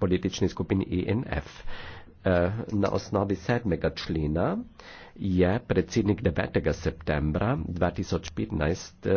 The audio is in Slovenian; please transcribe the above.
politični skupini INF. E eh, na osnovi sedmega člena je predsednik 9. septembra 2015